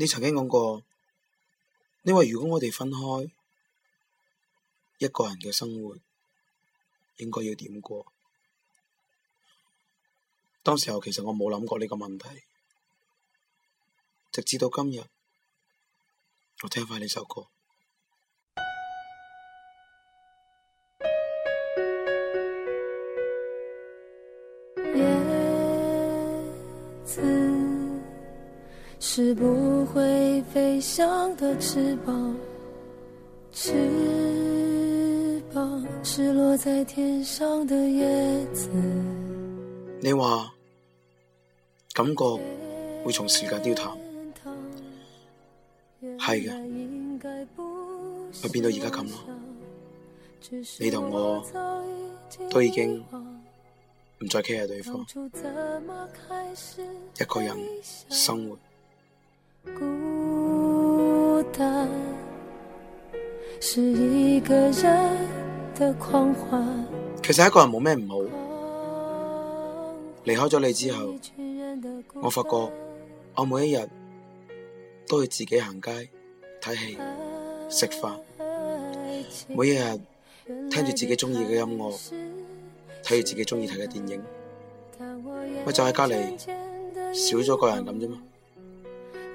你曾經講過，你話如果我哋分開，一個人嘅生活應該要點過？當時候其實我冇諗過呢個問題，直至到今日，我聽返呢首歌。你話感覺會從時間丟淡，係嘅，會變到而家咁咯。你同我都已經唔再 care 對方，一個人生活。孤單是一個人的狂歡。其實一個人冇咩唔好，離開咗你之後，我發覺我每一日都係自己行街、睇戲、食飯，每一日聽住自己鍾意嘅音樂，睇住自己鍾意睇嘅電影，我就喺隔籬少咗個人咁啫嘛。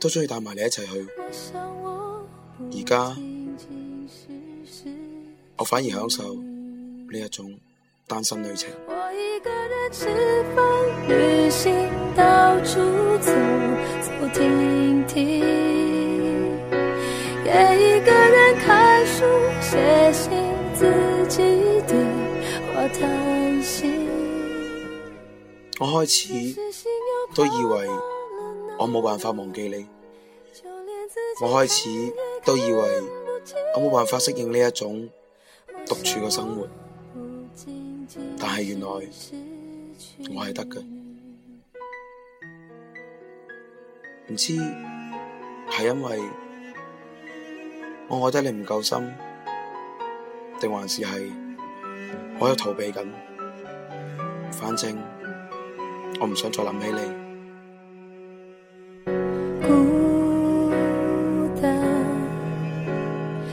都中意帶埋你一齊去，而家我反而享受呢一種單身旅程。我一個人吃飯、旅行，到處走走停停，也一個人看書、寫信、自己對話、談心。我開始都以為。我冇辦法忘記你，我開始都以為我冇辦法適應呢一種獨處嘅生活，但係原來我係得嘅。唔知係因為我愛得你唔夠深，定還是係我有逃避緊？反正我唔想再諗起你。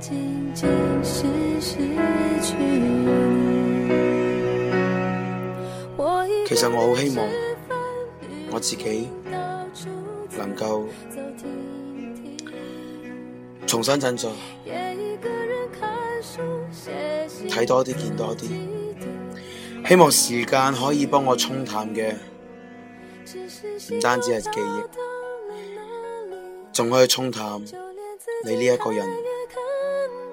其實我好希望我自己能夠重新振作，睇多啲，見多啲，希望時間可以幫我沖淡嘅，唔單止係記憶，仲可以沖淡你呢一個人。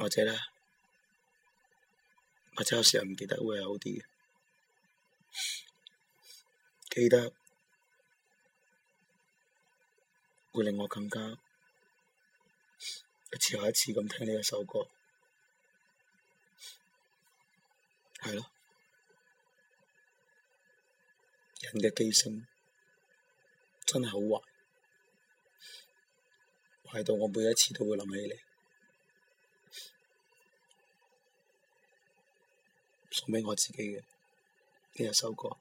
或者呢，或者有時唔記得會有好啲，記得會令我更加一次又一次咁聽呢一首歌。係咯，人嘅記性真係好壞，壞到我每一次都會諗起你。送畀我自己嘅呢首歌。